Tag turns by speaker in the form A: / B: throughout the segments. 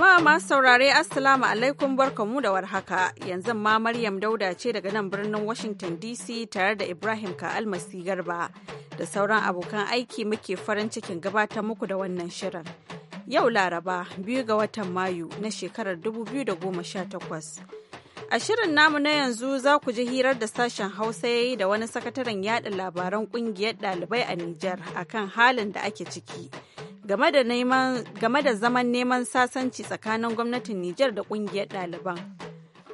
A: Jama'a ma saurare Assalamu alaikum barkamu da warhaka. Yanzu ma Maryam Dauda ce daga nan birnin Washington DC tare da Ibrahim Ka'almasi Garba da sauran abokan aiki muke farin cikin gabatar muku da wannan shirin. Yau Laraba biyu ga watan Mayu na shekarar 2018. A shirin namu na yanzu za ku ji hirar da sashen Hausa ya yi da wani sakataren yada labaran ƙungiyar ɗalibai a Nijar akan halin da ake ciki. game da zaman neman sasanci tsakanin gwamnatin Nijar da kungiyar ɗaliban.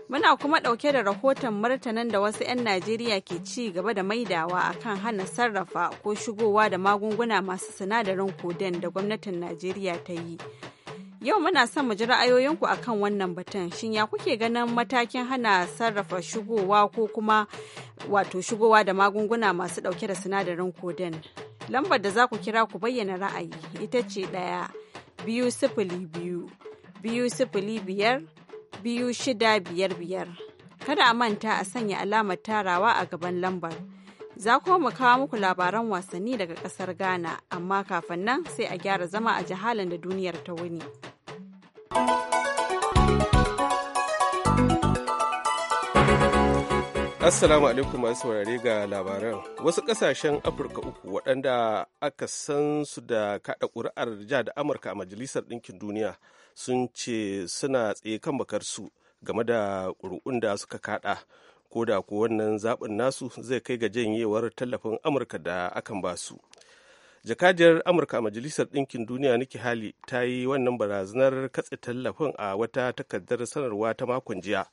A: Muna kuma ɗauke da rahoton martanan da wasu 'yan Najeriya ke ci gaba da maidawa a kan hana sarrafa ko shigowa da magunguna masu sinadarin koden da gwamnatin Najeriya ta yi. Yau muna son mu ji ra'ayoyinku kan wannan batun. Shin ya kuke ganin matakin hana sarrafa shigowa ko kuma wato shigowa da magunguna masu ɗauke da sinadarin koden? lambar da za ku kira ku bayyana ra'ayi ita ce ɗaya biyu sifili biyu biyu sifili biyar biyu shida biyar biyar kada a manta a sanya alamar tarawa a gaban lambar za ku mu kawo muku labaran wasanni daga ƙasar ghana amma kafin nan sai a gyara zama a jihalin da duniyar ta wuni.
B: Assalamu alaikum masu saurare ga labaran. Wasu ƙasashen Afirka uku waɗanda aka san su da kaɗa ƙuri'ar ja da Amurka a Majalisar Ɗinkin Duniya sun ce suna tsaye kan bakarsu game da ƙuri'un da suka kaɗa. Ko da ko wannan zaɓin nasu zai kai ga janyewar tallafin Amurka da akan ba su. Jakadiyar Amurka a Majalisar Ɗinkin Duniya niki Hali ta yi wannan barazanar katse tallafin a wata takardar sanarwa ta makon jiya.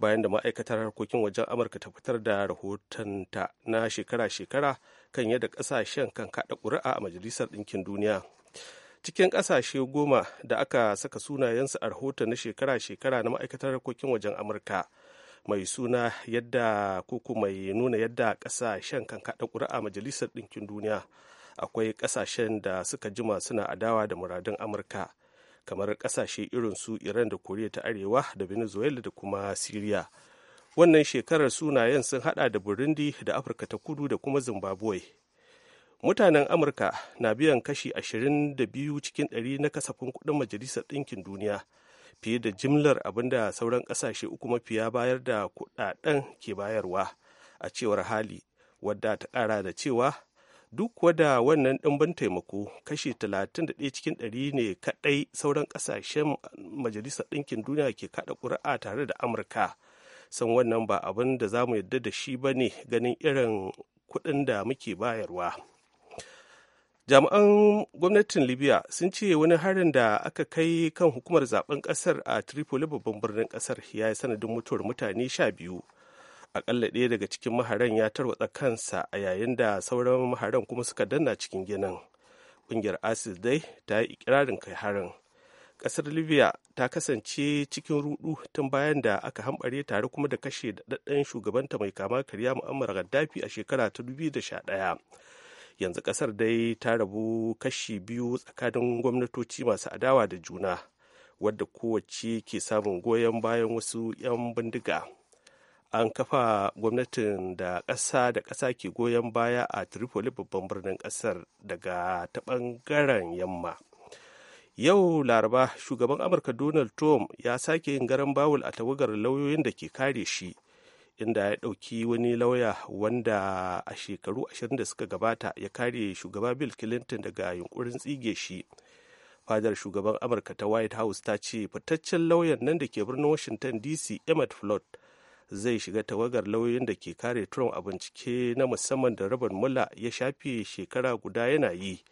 B: bayan da ma'aikatar harkokin wajen amurka ta fitar da rahotonta na shekara-shekara kan yadda ƙasashen kan kaɗa ƙuri'a a majalisar ɗinkin duniya cikin ƙasashe goma da aka saka sunayensu a rahoton na shekara-shekara na ma'aikatar harkokin wajen amurka mai suna yadda koko mai nuna yadda ƙasashen kan kaɗa ƙuri'a a majalisar ɗinkin duniya akwai ƙasashen da suka jima suna adawa da muradun amurka kamar kasashe irin su iran da koriya ta arewa da venezuela da kuma syria wannan shekarar sunayen sun hada da burundi da afirka ta kudu da kuma zimbabwe mutanen amurka na biyan kashi 22 cikin 100 na kasafin kudin majalisar ɗinkin duniya fiye da jimlar abinda sauran kasashe uku mafiya bayar da kudaden ke bayarwa a cewar hali wadda ta kara da cewa duk kuwa da wannan ɗimbin taimako kashi 31 cikin 100 ne kadai sauran ƙasashen majalisar ɗinkin duniya ke kada ƙuri'a tare da amurka san wannan ba abin da za mu yarda da shi ba ne ganin irin kuɗin da muke bayarwa jami'an gwamnatin libya sun ce wani harin da aka kai kan hukumar zaben ƙasar a tripoli babban birnin ƙasar ya yi sanadin mutuwar mutane sha biyu akalla ɗaya daga cikin maharan ya tarwatsa kansa a yayin da sauran maharan kuma suka danna cikin ginin ƙungiyar asis dai ta yi ikirarin kai harin ƙasar libya ta kasance cikin rudu tun bayan da aka hambare tare kuma da kashe daɗaɗɗen shugabanta mai kama karya mu'amara gaddafi a shekara ta 2011 yanzu ƙasar dai ta rabu kashi biyu tsakanin gwamnatoci masu adawa da juna wadda kowace ke samun goyon bayan wasu 'yan bindiga an kafa gwamnatin da ƙasa da ƙasa ke goyon baya a tripoli babban birnin ƙasar daga ta ɓangaren yamma yau laraba shugaban amurka donald trump ya sake yin garan bawul a tawagar lauyoyin da ke kare shi inda ya ɗauki wani lauya wanda a shekaru ashirin da suka gabata ya kare shugaba bill clinton daga yunkurin tsige shi fadar shugaban amurka ta white house ta ce fitaccen lauyan nan da ke birnin washington dc emmett flood zai shiga tawagar lauyoyin da ke kare trump a bincike na musamman da robert mueller ya shafe shekara guda yana yi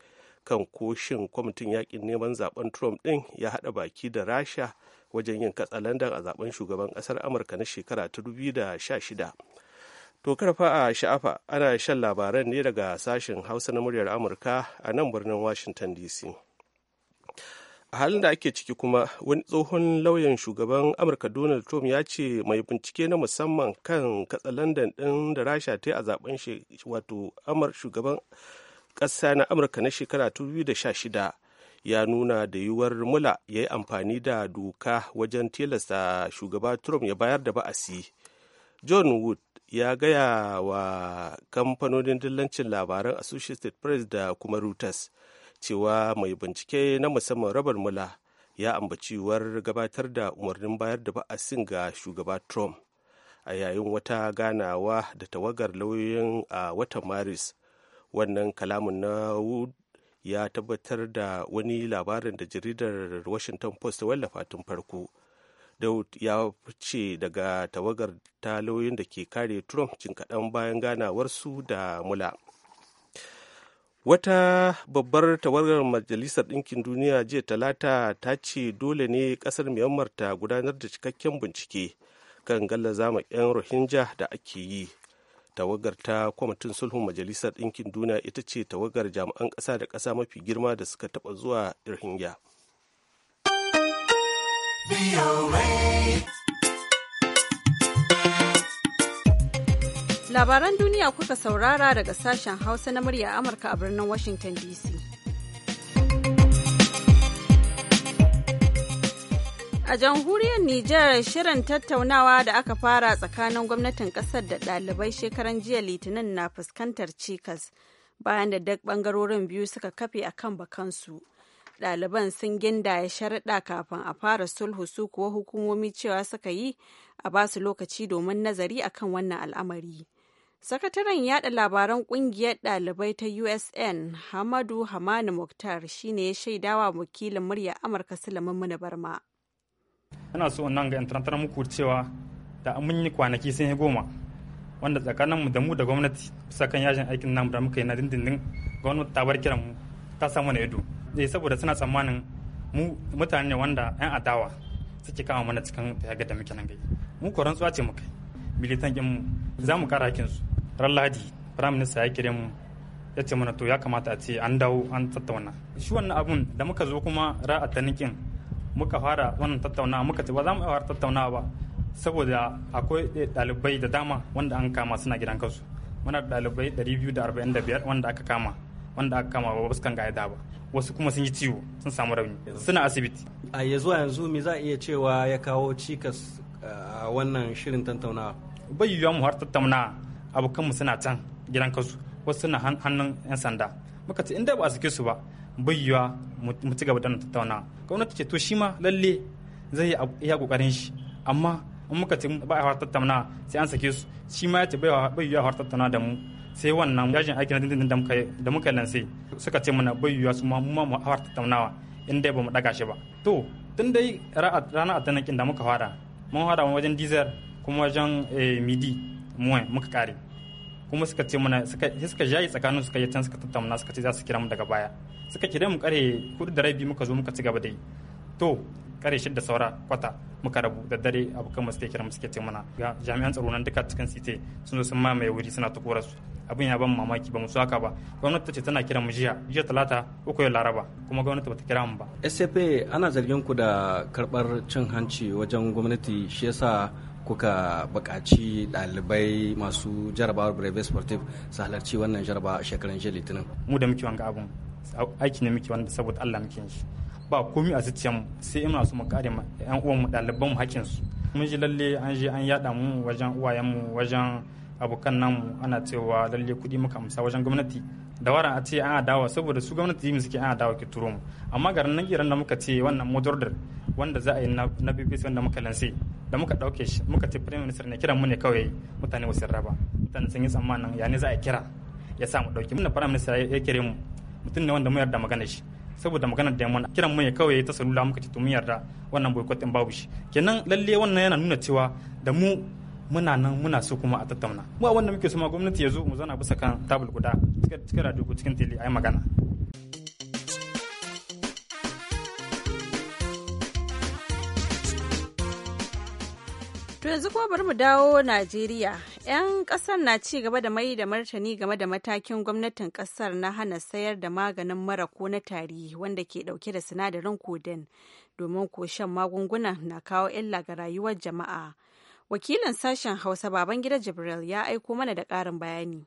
B: kan koshin kwamitin yakin neman zaben trump din ya hada baki da rasha wajen yin katsalandan a zaben shugaban kasar amurka na shekara ta 2016 to karfa a sha'afa ana shan labaran ne daga sashen hausa na muryar amurka a nan birnin washington dc a halin da ake ciki kuma wani tsohon lauyan shugaban amurka donald trump ya ce mai bincike na musamman kan katsalandan ɗin da rasha ta yi a zaben wato amur shugaban ƙasa na amurka na shekara 2016 ya nuna da yiwuwar mula ya yi amfani da doka wajen tilasta shugaba trump ya bayar da ba'asi john wood ya gaya wa kamfanonin dillancin labaran associated press da kuma reuters cewa mai bincike na musamman rabar mula ya ambaciwar gabatar da umarnin bayar da ba'asin ga shugaba trump a yayin wata ganawa da tawagar lauyoyin a watan maris wannan kalamin na wood ya tabbatar da wani labarin da jaridar washington post wallafa tun farko Daud ya fice daga tawagar ta lauyoyin da ke kare Trump jin kaɗan bayan ganawarsu da Mula. wata babbar tawagar majalisar ɗinkin duniya jiya talata ta ce dole ne ƙasar myanmar ta gudanar da cikakken bincike kan gallaza ma 'yan rohingya da ake yi tawagar ta kwamitin sulhun majalisar ɗinkin duniya ita ce tawagar jami'an ƙasa da ƙasa mafi girma da suka taɓa zuwa rohingya
A: Labaran duniya kuka saurara daga sashen Hausa na murya Amurka a birnin Washington DC. A jamhuriyar Nijar shirin tattaunawa da aka fara tsakanin gwamnatin kasar da ɗalibai shekaran jiya Litinin na fuskantar cikas bayan da duk bangarorin biyu suka kafe a kan bakansu. Ɗaliban sun ginda ya sharaɗa kafin a fara sulhu su kuwa hukumomi cewa suka yi a basu lokaci domin nazari akan wannan al'amari. Sakataren yada labaran kungiyar ɗalibai ta USN Hamadu Hamani Mukhtar shine ya shaidawa wakilin murya Amurka Sulaiman Muna Barma.
C: Ina so nan ga intarantar muku cewa da mun yi kwanaki sun yi goma wanda tsakanin mu da mu da gwamnati bisa kan yajin aikin namu da muka yi na dindindin gwamnati ta bar kiran mu ta samu na ido zai eh, saboda suna tsammanin mu mutane wanda yan adawa suke kama mana cikin ta yaga da muke nan gai mu ko tsuwa ce muka militan mu za mu kara kinsu. ran lahadi prime minister ya kire mu ya ce mana to ya kamata a ce an dawo an tattauna shi wannan abun da muka zo kuma ra'a tanikin muka fara wannan tattaunawa muka ce ba za mu fara tattaunawa ba saboda akwai ɗalibai da dama wanda an kama suna gidan kansu muna da dalibai 245 wanda aka kama wanda aka kama ba su kan ga'ida ba wasu kuma sun yi ciwo sun samu rauni suna asibiti a ya zuwa yanzu me za a iya cewa ya kawo cikas a wannan shirin tattaunawa bai yiwuwa mu har tattaunawa abokanmu suna can gidan kasu wasu suna hannun 'yan sanda muka ce inda ba a sake su ba bayyawa mu ci gaba da tattauna gwamnati ce to shi ma lalle zai iya kokarin shi amma in muka ce ba a tattauna sai an sake su shi ma ya ce bayyawa har tattauna da mu sai wannan yajin aiki na dindindin da muka lanse suka ce mana bayyawa su ma mu ma har tattaunawa in dai ba mu daga shi ba to tun dai rana a tanakin da muka fara mun fara wajen dizer kuma wajen eh, midi muka kare kuma suka ce mana suka ja yi tsakanin suka yi can suka tattauna suka ce za su kira mu daga baya suka kira mu kare hudu da rabi muka zo muka ci gaba da yi to kare shidda saura kwata muka rabu da dare abokan mu suke kira mu suke ce mana ga jami'an tsaro nan duka cikin site sun zo sun mamaye wuri suna ta korasu abin ya ban mamaki ba mu haka ba gwamnati ta ce tana kira mu jiya jiya talata uku yau laraba kuma gwamnati ta kira mu ba sfa ana zargin ku da karbar cin hanci wajen gwamnati shi yasa kuka bukaci dalibai masu jarabawar brevet sportive su halarci wannan jaraba a shekaran jiya litinin mu da muke wanga abun aiki ne muke wanda saboda Allah muke shi ba komi a zuciyar mu sai ina so mu kare yan uwan mu daliban mu hakkin su mun ji lalle an je an yada mu wajen uwayen mu wajen abokan namu ana cewa lalle kuɗi muka amsa wajen gwamnati da waran a ce an adawa saboda su gwamnati yi suke an adawa ki turo mu amma garin nan giran da muka ce wannan motor wanda za a yi na bbc wanda muka lansi da muka ɗauke shi muka ce prime minister ne kiran mu ne kawai mutane ba raba mutane sun yi tsammanin ya ne za a kira ya sa mu ɗauki muna prime minister ya kire mu mutum ne wanda mu yarda magana shi saboda maganar da yamma kiran mu ne kawai ta salula muka ce to mun yarda wannan boycott din babu shi kenan lalle wannan yana nuna cewa da mu muna nan muna so kuma a tattauna mu a wanda muke so ma gwamnati ya zo mu zauna bisa kan tabul guda cikin radio cikin tele ayi magana
A: To yanzu kuma bari mu dawo Najeriya. 'Yan ƙasar na ci gaba da mai da martani game da matakin gwamnatin ƙasar na hana sayar da maganin mara ko na tari wanda ke ɗauke da sinadarin kodin domin ko shan magungunan na kawo illa ga rayuwar jama'a. Wakilin sashen Hausa Babangida Jibril ya aiko mana da ƙarin bayani.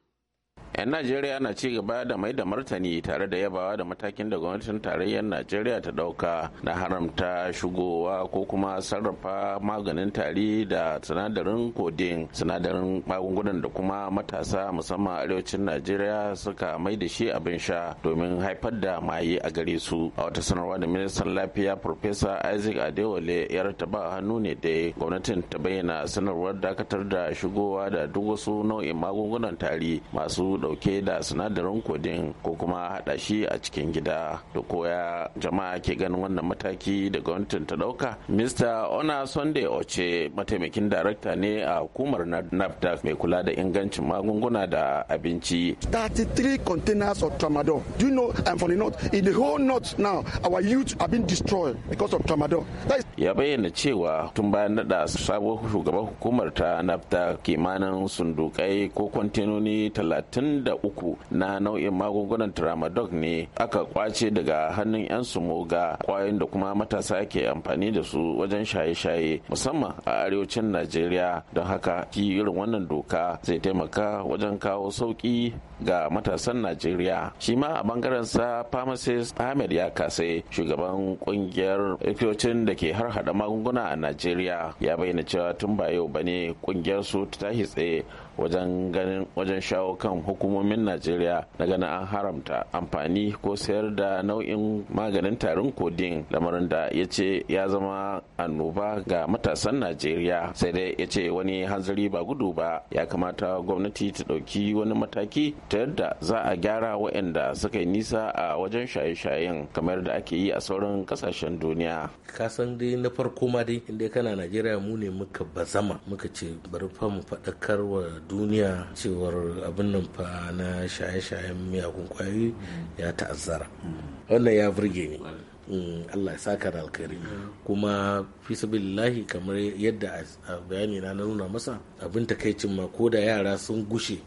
D: 'yan najeriya na ci gaba da mai da martani tare da yabawa da matakin da gwamnatin tarayyar najeriya ta dauka na haramta shigowa ko kuma sarrafa maganin tari da sinadarin kodin sinadarin magungunan da kuma matasa musamman arewacin najeriya suka mai da shi abin sha domin haifar da maye a gare su a wata sanarwa da ministan lafiya Profesa isaac adewale ya rataba hannu ne da gwamnatin ta bayyana sanarwar dakatar da shigowa da duk wasu nau'in magungunan tari masu dauke da sinadarin kodin ko kuma hada shi a cikin gida da koya jama'a ke ganin wannan mataki da gwamnatin ta dauka mr ona sunday oce mataimakin darakta ne a hukumar nafdac mai kula da ingancin magunguna da abinci 33 containers of tramadol do you know i'm from the north in the whole north now our youth have been destroyed because of tramadol ya bayyana cewa tun bayan nada sabuwar shugaban hukumar ta nafta kimanin sundukai ko kwantenoni talatin uku na nau'in magungunan tramadol ne aka kwace daga hannun 'yan sumoga kwayoyin da kuma matasa ke amfani da su wajen shaye-shaye musamman a arewacin najeriya don haka ki irin wannan doka zai taimaka wajen kawo sauki ga matasan najeriya shi ma a bangaren sa pharmacist ahmed ya kase shugaban kungiyar ikiyocin da ke har hada magunguna a najeriya ya bayyana cewa tun ba yau bane kungiyar su ta tashi tsaye wajen ganin wajen shawo kan hukumomin najeriya na ganin an haramta amfani ko sayar da nau'in maganin tarin kodin lamarin da ya ce ya zama annoba ga matasan najeriya sai dai ya ce wani hanzari ba gudu ba ya kamata gwamnati ta ɗauki wani mataki ta yadda za a gyara waɗanda suka yi nisa a wajen shaye-shayen kamar da ake yi a sauran kasashen duniya kasan dai na farko ma dai inda kana najeriya mu ne muka bazama muka ce bari fa mu faɗakar duniya cewar abin nan fa na shaye-shayen miyagun kwayoyi ya ta'azzara wannan ya burge ni mm, Allah ya saka da alkhairi kuma fi sabilillahi kamar yadda a bayani na nuna masa abin takaicin ma ko da yara sun gushe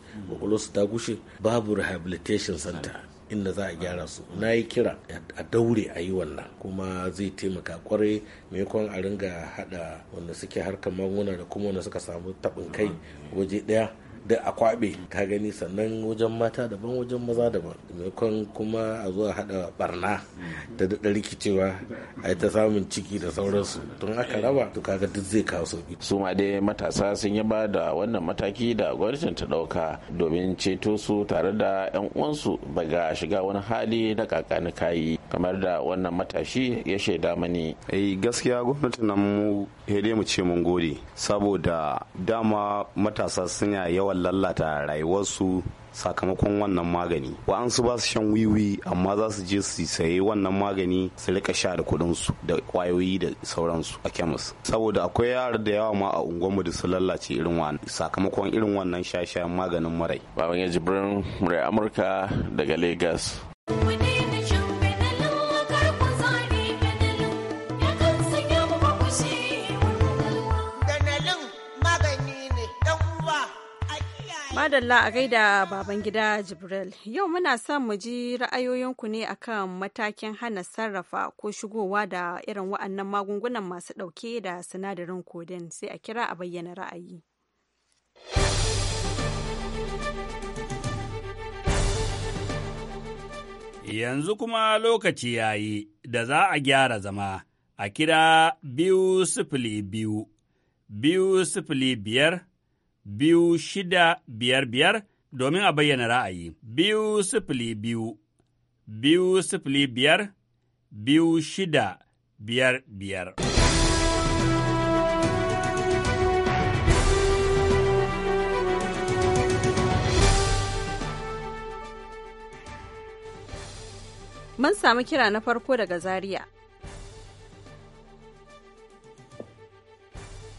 D: su ta gushe babu rehabilitation center inda za a gyara su na yi kira a daure a yi wannan kuma zai taimaka kwarai maimakon a ringa hada wanda suke harkar magunguna da kuma wanda suka samu taɓin kai mm. waje ɗaya da a akwabe ka gani sannan wajen mata daban wajen maza daban maimakon kuma a zuwa hada barna da mm. daɗa rikicewa a yi ta samun ciki da sauransu tun aka raba to kaga duk zai kawo sauki su ma dai matasa sun yi ba da wannan mataki da gwamnatin ta ɗauka domin ceto su tare da yan uwansu daga shiga wani hali na kakani kayi kamar da wannan matashi ya shaida mani eh gaskiya gwamnatin nan mu mu ce mun gode saboda dama matasa suna yawa yawan lallata rayuwarsu sakamakon wannan magani wa'ansu ba su shan wiwi amma za su je su saye wannan magani su rika sha da kudinsu da kwayoyi da sauransu a kemis saboda akwai yara da yawa ma a unguwarmu da su lallace irin wannan sakamakon irin wannan shashayen maganin marai baban ya jibrin murai amurka daga lagos
A: madalla a gaida baban gida jibril yau muna son mu ji ra'ayoyinku ne akan matakin hana sarrafa ko shigowa da irin wa'annan magungunan masu ɗauke da sinadarin kodin sai a kira a bayyana ra'ayi
C: yanzu kuma lokaci ya yi da za a gyara zama a kira biyu sifili biyu biyu sifili biyar biyu shida biyar biyar domin a bayyana ra'ayi. Biyu sifili biyu, biyu sifili biyar, biyu shida biyar biyar.
A: Mun samu kira na farko daga Zaria.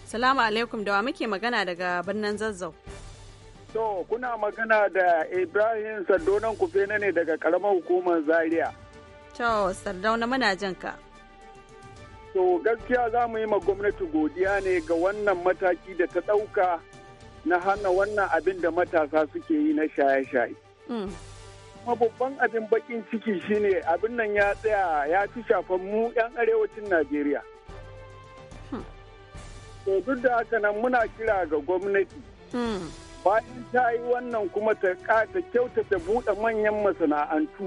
A: Salamu alaikum da wa muke magana daga birnin zazzau.
E: To kuna magana da Ibrahim kufe na ne daga karamar hukumar Zaria.
A: To Sardauna muna jin ka.
E: To gaskiya za mu yi ma gwamnati godiya ne ga wannan mataki da ta ɗauka na hana wannan abin da matasa suke yi na shaye-shaye. Mm. Kuma babban abin bakin ciki shine abin nan ya tsaya ya ci shafan mu 'yan arewacin Najeriya. to duk da haka nan muna kira ga gwamnati hmm. bayan ta yi wannan kuma ta kata ta buɗe manyan masana'antu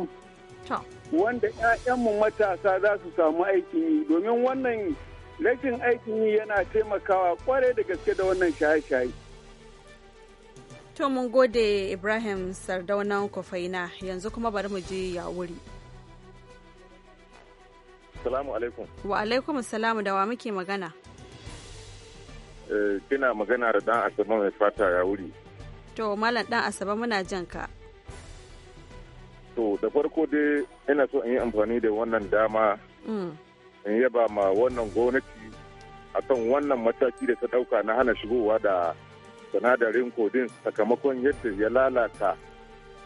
E: wanda 'ya'yanmu matasa za su samu aikin yi domin wannan rashin aikin yi yana taimakawa kwarai da gaske da wannan shaye-shaye.
A: To mun gode Ibrahim Sardaunan Kofaina yanzu kuma bari mu je ya wuri. Salamu alaikum. Wa alaikum salamu da wa muke magana.
F: Eh, kina magana da dan asaba mai fata ya wuri
A: to malam dan asaba muna jan ka
F: to da farko dai ina so in yi amfani da wannan dama mm. in yaba ma wannan gwamnati akan wannan mataki da ta dauka na hana shigowa da sinadarin kodin sakamakon yadda ya lalata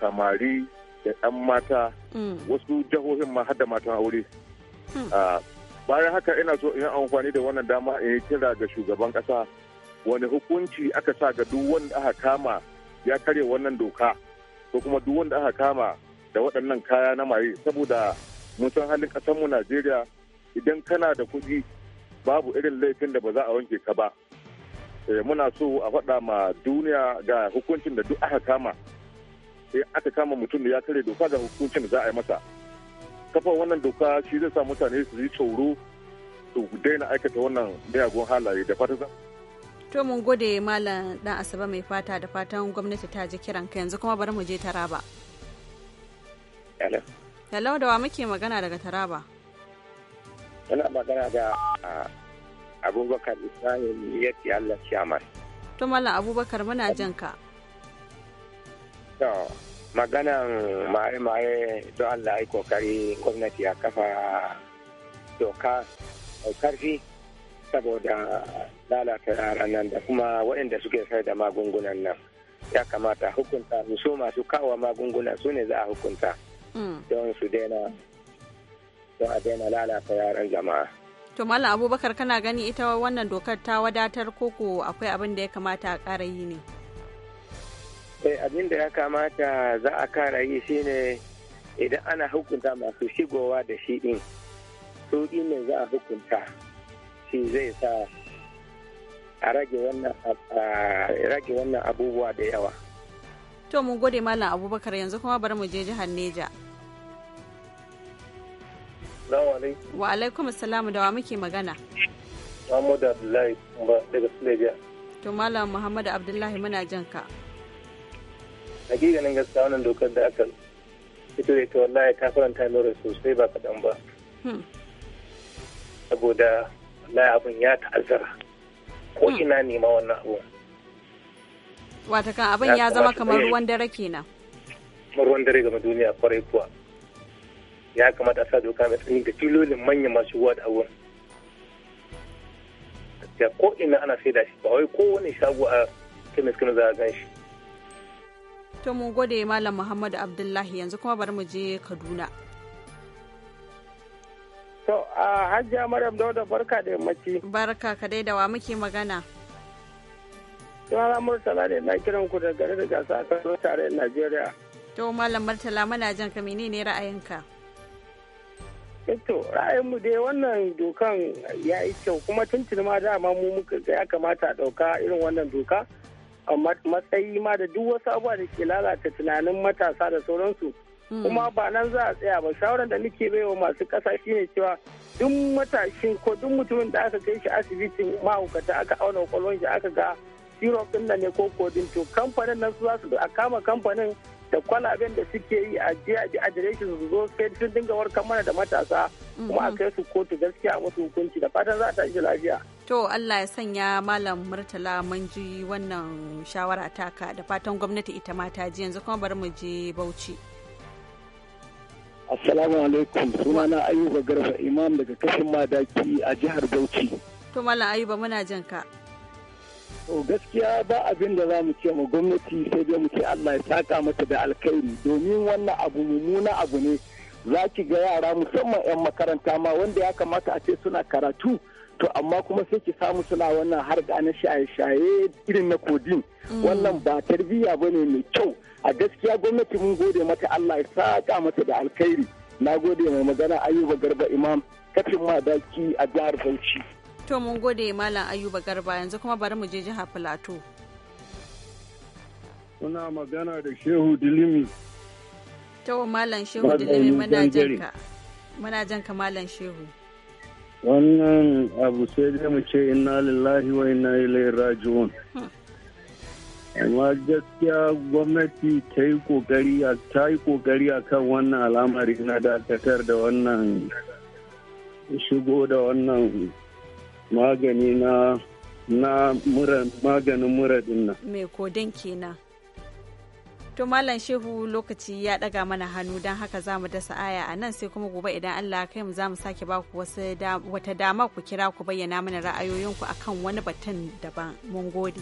F: samari da 'yan mata mm. wasu jihohin ma hada matan aure hmm. ah, bayan haka ina so in amfani da wannan dama in kira ga shugaban kasa wani hukunci aka sa ga duk wanda aka kama ya karya wannan doka ko kuma duk wanda aka kama da waɗannan kaya na maye saboda mun san halin mu najeriya idan kana da kuɗi babu irin laifin da ba za a wanke ka ba eh, muna so a faɗa ma duniya ga hukuncin da duk aka kama eh, aka kama mutum da ya karya doka ga hukuncin da za a yi masa kafa wannan doka shi zai sa mutane su yi tsoro su daina aikata wannan miyagun halaye da fata
A: to mun gode malam dan asaba mai fata da fatan gwamnati ta ji kiran ka yanzu kuma bari mu je taraba hello da wa muke magana daga taraba
G: Yana magana da abubakar isra'il ya ce allah shaman
A: to malam abubakar muna jan ka
G: maganan mare mare don allah ai kokari gwamnati ya kafa doka mai karfi saboda lalata yaran nan da kuma waɗanda suke sai da magungunan nan ya kamata hukunta su masu kawo magungunan su ne za a hukunta mm. don su daina don a daina lalata yaran jama'a
A: to mallam abubakar kana gani ita wannan dokar ta wadatar koko akwai abin da ya kamata a ƙara yi ne
G: Eh, abin da ya kamata za a kara yi shine idan ana hukunta masu shigowa da shi din su ne za a hukunta shi zai sa a rage wannan abubuwa da yawa
A: to mun gode malam abubakar yanzu kuma bari mu je jihar neja wa alaikum salamu da wa muke magana
F: Muhammadu Abdullahi daga Suleja.
A: To Malam Muhammadu Abdullahi muna jan ka.
G: hakikanin gaskiya wannan dokar da aka fito da ita wallahi ta faranta lura sosai ba kaɗan ba hmm. saboda wallahi abun ya ta'azzara ko hmm. ina nema wannan abun
A: watakan abin ya zama kamar ruwan dare kenan
G: kamar ruwan dare game duniya kwarai kuwa ya kamata a sa doka mai tsanani da filolin manya masu ruwa da abun ko ina ana sai da shi ba wai kowane shago a kemis kemis za a gan shi
A: To mu gode Malam Muhammadu Abdullahi yanzu kuma bari mu je Kaduna. To a Hajiya Maryam Dauda barka da yammaci. Barka ka dai da wa muke magana.
G: Sunana Murtala ne na kiran ku da gari da gasa a Kano tare Najeriya.
A: To Malam Murtala muna jan ka menene ra'ayinka?
G: Eh, to ra'ayinmu dai wannan dokan ya yi kyau kuma tuntuni ma dama mu muka ya kamata a ɗauka irin wannan doka. matsayi ma da duk wasu abubuwa da ke lalata tunanin matasa da sauransu hmm. kuma ba nan za a tsaya ba shawarar da muke baiwa masu ƙasa shine cewa duk matashin ko duk mutumin da aka kai shi asibitin mahaukata aka auna kwalon shi aka ga syrup din nan ne ko kodin to kamfanin nan su za su a kama kamfanin da kwalaben da suke yi a jiya a adireshin su zo sai sun dinga warkar mana da matasa kuma a mhm. kai su kotu gaskiya musu hukunci da fatan za ta shi lafiya.
A: To Allah ya sanya Malam Murtala mun ji wannan shawara taka da fatan gwamnati ita ma ta ji yanzu kuma bari mu je Bauchi.
G: Assalamu alaikum sunana Ayuba Garba Imam
E: daga kashin Madaki a jihar Bauchi.
A: To Malam Ayuba muna jin ka.
E: To gaskiya ba abin da za mu ce ma gwamnati sai dai mu ce Allah ya saka mata da alkhairi domin wannan abu mummuna abu ne za ki ga yara musamman 'yan makaranta ma wanda ya kamata a ce suna karatu to amma kuma sai ki samu suna wannan harka na shaye-shaye irin na kodin mm. wannan ba tarbiyya ba ne mai kyau a gaskiya gwamnati mun gode mata Allah ya saka mata da alkhairi na gode mai magana ayuba garba imam kafin ma daki a jihar bauchi
A: To mun gode Malam Ayuba Garba yanzu kuma bari mu je jihar Filato.
E: Muna magana da Shehu Dilimi.
A: To Malam Shehu Dilimi muna janka. Muna janka Malam Shehu.
E: Wannan abu sai dai mu ce inna lillahi wa inna ilaihi raji'un. Hmm. amma gaskiya gwamnati ta yi kokari a ta yi kokari a kan wannan al'amari na dakatar da wannan shigo da wannan magani na na mura maganin mura dinna
A: Me kenan. To mallam Shehu lokaci ya daga mana hannu don haka za mu dasa aya a nan sai kuma gobe idan Allah kai mu za mu sake ba ku wata dama ku kira ku bayyana mana ra'ayoyinku akan wani batun daban. Mun gode.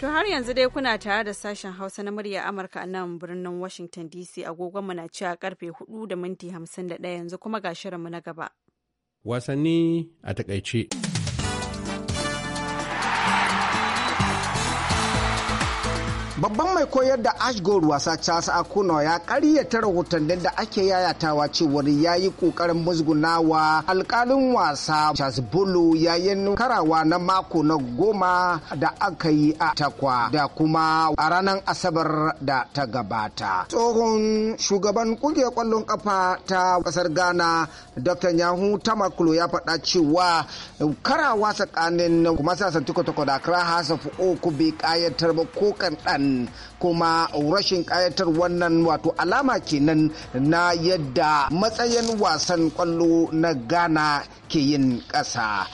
A: To har yanzu dai kuna tare da sashen Hausa na murya Amurka a nan birnin Washington DC agogon mu na cewa karfe 4 da minti 51 yanzu kuma ga shirinmu na gaba.
D: Wasanni a takaice.
H: Babban mai koyar da Ashgold wasa Charles Akuno ya karyata rahotannin da ake yayatawa cewar ya yi kokarin musgunawa alkalin wasa Charles Bulu yayin karawa na mako na goma da aka yi a takwa da kuma a ranar Asabar da ta gabata. Tsohon shugaban ƙungiyar kwallon kafa ta ƙasar Ghana Dr. Yahu Tamakulo ya faɗa cewa karawa tsakanin kuma sa da Accra House of Oku bai ƙayatar ba ko kan ɗan kuma rashin kayatar wannan wato alama kenan na yadda matsayin wasan kwallo na ghana ke yin ƙasa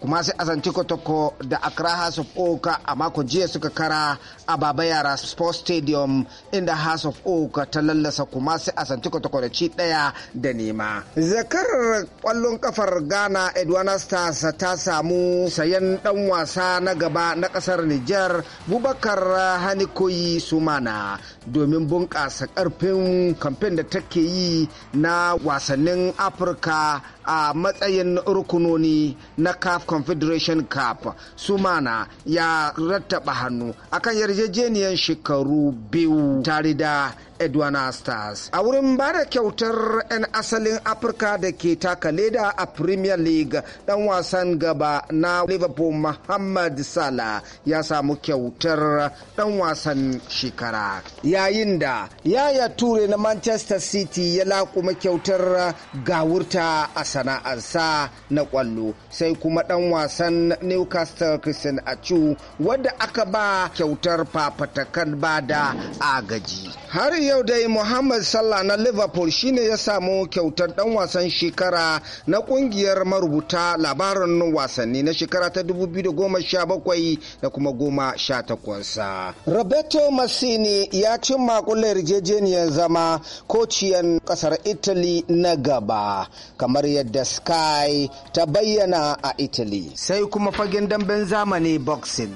H: kuma sai azanci kotoko da accra house of oka a makon jiya suka kara a Baba Yara Sports Stadium inda House of Oak ta lallasa sai a Santi Kwatakwaraci ɗaya da nema. Zakarar kwallon kafar Ghana Edwana Stars ta samu sayan ɗan wasa na gaba na ƙasar niger Bubakar Hanikoyi Sumana domin bunƙasa ƙarfin kamfen da take yi na wasannin Afirka a matsayin rukunoni na CAF Confederation Cup. Sumana ya rattaba hannu akan yarjejeniya yarjejeniyar shekaru biyu tare da edwana stars a wurin ba da kyautar 'yan asalin afirka da ke taka leda a premier league dan wasan gaba na liverpool muhammad salah ya samu kyautar dan wasan shekara yayin da yaya ture na manchester city ya lakuma kyautar gawurta a sana'arsa na kwallo sai kuma dan wasan newcastle christian achu wadda aka ba kyautar fafatakan bada agaji har yau dai Muhammad Sallah na Liverpool shine ya samu kyautar dan wasan shekara na kungiyar marubuta labarin wasanni na shekara ta 2017 da kuma goma takwasa. Roberto Massini ya cimma kulle yarjejeniyar zama kociyan kasar Italy na gaba kamar yadda Sky ta bayyana a Italy. Sai kuma fagen damben zamani boxing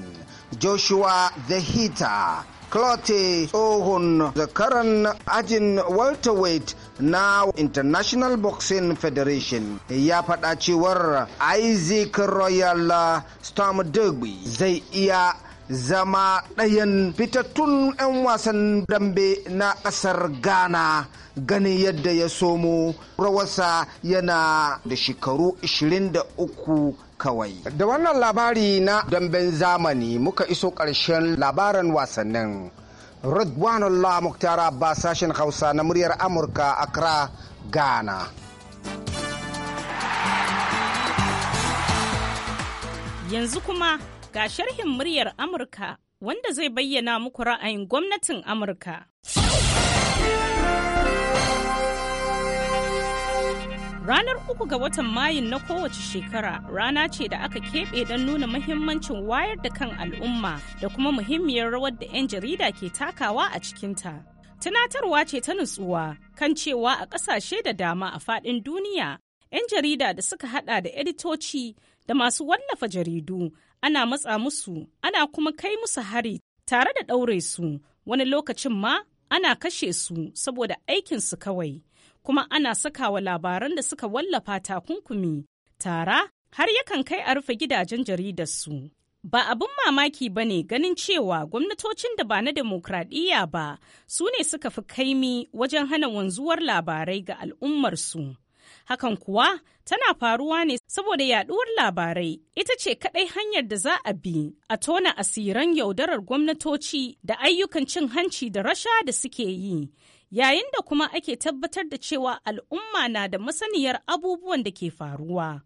H: Joshua the Hitter Clote tsohon zakaran ajin welterweight na International Boxing Federation ya faɗa cewar Isaac Royal Storm Derby zai iya zama ɗayan fitattun 'yan wasan dambe na ƙasar ghana ganin yadda ya somo rawarsa yana da shekaru 23 kawai. Da wannan labari na damben zamani muka iso ƙarshen labaran wasannin. Ridwanullah Muktar Abbas sashen Hausa na muryar Amurka Accra, Ghana.
I: Yanzu kuma ga sharhin muryar Amurka wanda zai bayyana muku ra'ayin gwamnatin Amurka. Ranar uku ga watan Mayun na kowace shekara rana ce da aka keɓe don nuna muhimmancin wayar da kan al'umma da kuma muhimmiyar rawar da 'yan jarida ke takawa a cikinta. Tunatarwa ce ta nutsuwa kan cewa a ƙasashe da dama a faɗin duniya, 'yan jarida da suka haɗa da editoci da masu wallafa jaridu ana matsa musu ana kuma kai musu hari tare da ɗaure su wani lokacin ma ana kashe su saboda aikinsu kawai. kuma ana sakawa labaran da suka wallafa takunkumi tara har yakan kai a rufe gidajen jaridar su. Ba abin mamaki ba ne ganin cewa gwamnatocin da ba na demokradiyya ba su ne suka fi kaimi wajen hana wanzuwar labarai ga al'ummarsu. Hakan kuwa tana faruwa ne saboda yaduwar labarai ita ce kaɗai hanyar da za a bi a tona asiran yaudarar gwamnatoci da ayyukan cin hanci da rasha da suke yi yayin da kuma ake tabbatar da cewa al'umma na da masaniyar abubuwan da ke faruwa.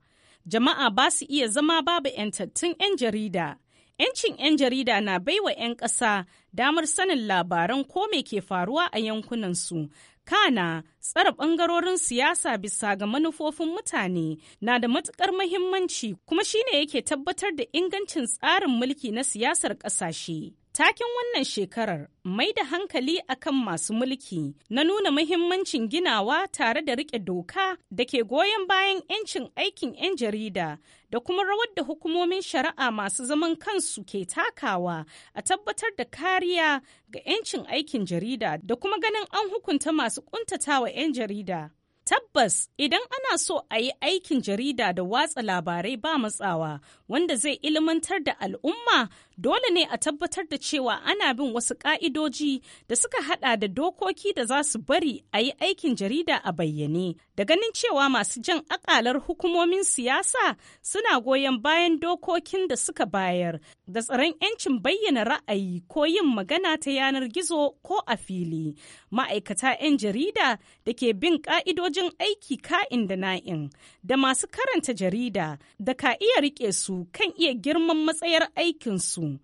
I: Jama'a ba su iya zama babu 'yantattun 'yan jarida. 'Yancin 'yan jarida na baiwa 'yan ƙasa damar sanin labaran ko me ke faruwa a yankunansu. Kana tsara ɓangarorin siyasa bisa ga manufofin mutane na da matuƙar mahimmanci kuma shine yake tabbatar da ingancin tsarin mulki na siyasar ƙasashe. Taken wannan shekarar mai da hankali akan masu mulki na nuna muhimmancin ginawa tare da riƙe doka da ke goyon bayan 'yancin aikin 'yan jarida da kuma rawar da hukumomin shari'a masu zaman kansu ke takawa a tabbatar da kariya ga 'yancin aikin jarida da kuma ganin an hukunta masu kuntatawa 'yan jarida. Tabbas idan ana so a yi aikin jarida da watsa labarai ba matsawa wanda zai ilmantar da al'umma dole ne a tabbatar da cewa ana bin wasu ka'idoji da suka hada da dokoki da za su bari a yi aikin jarida a bayyane. Da ganin cewa masu jan akalar hukumomin siyasa suna goyon bayan dokokin da suka bayar da tsaron 'yancin bayyana ra'ayi ko yin magana ta yanar gizo ko a fili. Ma'aikata 'yan jarida da ke bin ka'idojin sojojin aiki ka'in da na'in da masu karanta jarida da ka iya riƙe su kan iya girman matsayar aikinsu.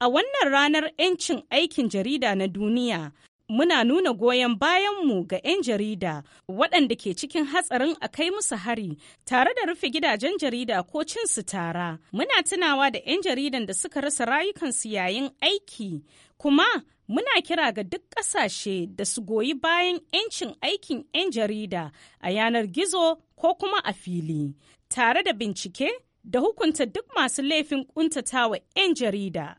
I: A wannan ranar 'yancin aikin jarida na duniya, muna nuna goyon bayanmu ga 'yan jarida waɗanda ke cikin hatsarin a kai musu hari tare da rufe gidajen jarida ko cin su tara. Muna tunawa da 'yan jaridan da suka rasa rayukansu yayin aiki, kuma Muna kira ga duk ƙasashe da su goyi bayan 'yancin aikin 'yan jarida a yanar gizo ko kuma a fili, tare da bincike da hukunta duk masu laifin ƙuntatawa 'yan jarida.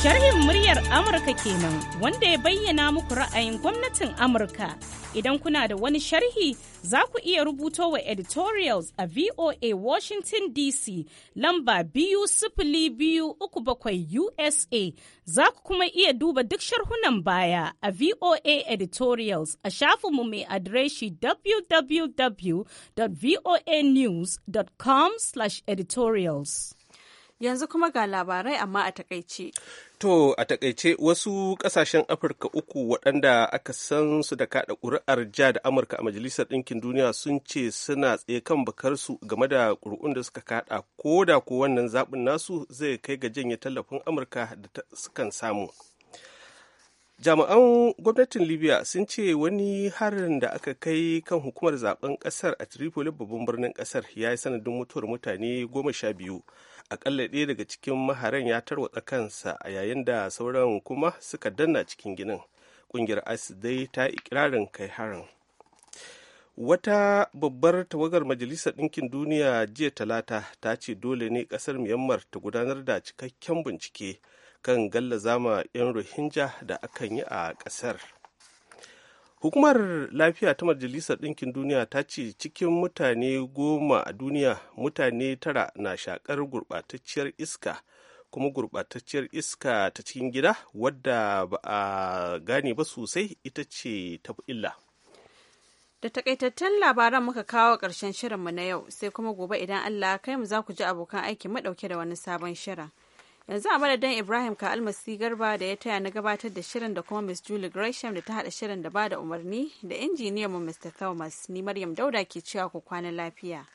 I: Sharhin muryar Amurka kenan wanda ya bayyana muku ra'ayin gwamnatin Amurka. Idan kuna da wani sharhi za ku iya rubuto wa editorials a VOA Washington DC lamba biyu sifili biyu uku bakwai USA za ku kuma iya duba duk sharhunan baya a VOA editorials a shafinmu mai adireshi www.voanews.com/editorials. Yanzu kuma ga labarai
A: amma a takaice.
B: To a takaice wasu kasashen Afirka uku waɗanda aka san su da kaɗa ƙuri'ar ja da Amurka a Majalisar Ɗinkin Duniya sun ce suna tsaye kan bakarsu game da ƙuri'un da suka kaɗa ko da ko wannan zaɓin nasu zai kai ga janye tallafin Amurka da sukan samu. jami'an gwamnatin libya sun ce wani harin da aka kai kan hukumar zaben kasar a tripoli babban birnin kasar ya yi sanadin mutuwar mutane goma sha biyu akalla ɗaya daga cikin maharan ya tarwatsa kansa a yayin da sauran kuma suka danna cikin ginin ƙungiyar isis dai ta ikirarin kai harin wata babbar tawagar majalisar ɗinkin duniya jiya talata ta ce dole ne ƙasar myanmar ta gudanar da cikakken bincike kan gallazama 'yan rohingya da akan yi a ƙasar hukumar lafiya ta majalisar ɗinkin duniya ta ce cikin mutane goma a duniya mutane tara na shakar gurɓatacciyar iska kuma gurɓatacciyar iska ta cikin gida wadda ba a gane ba sosai ita ce ta illa
A: da takaitattun labaran muka kawo ƙarshen shirinmu na yau sai kuma gobe idan allah kai mu za ku ji abokan aiki madauke da wani sabon shirin yanzu a madadin ibrahim ka almasi garba da ya taya na gabatar da shirin da kuma miss julie gresham da ta hada shirin da ba da umarni da mu mr thomas ni maryam dauda ke cewa ku kwana lafiya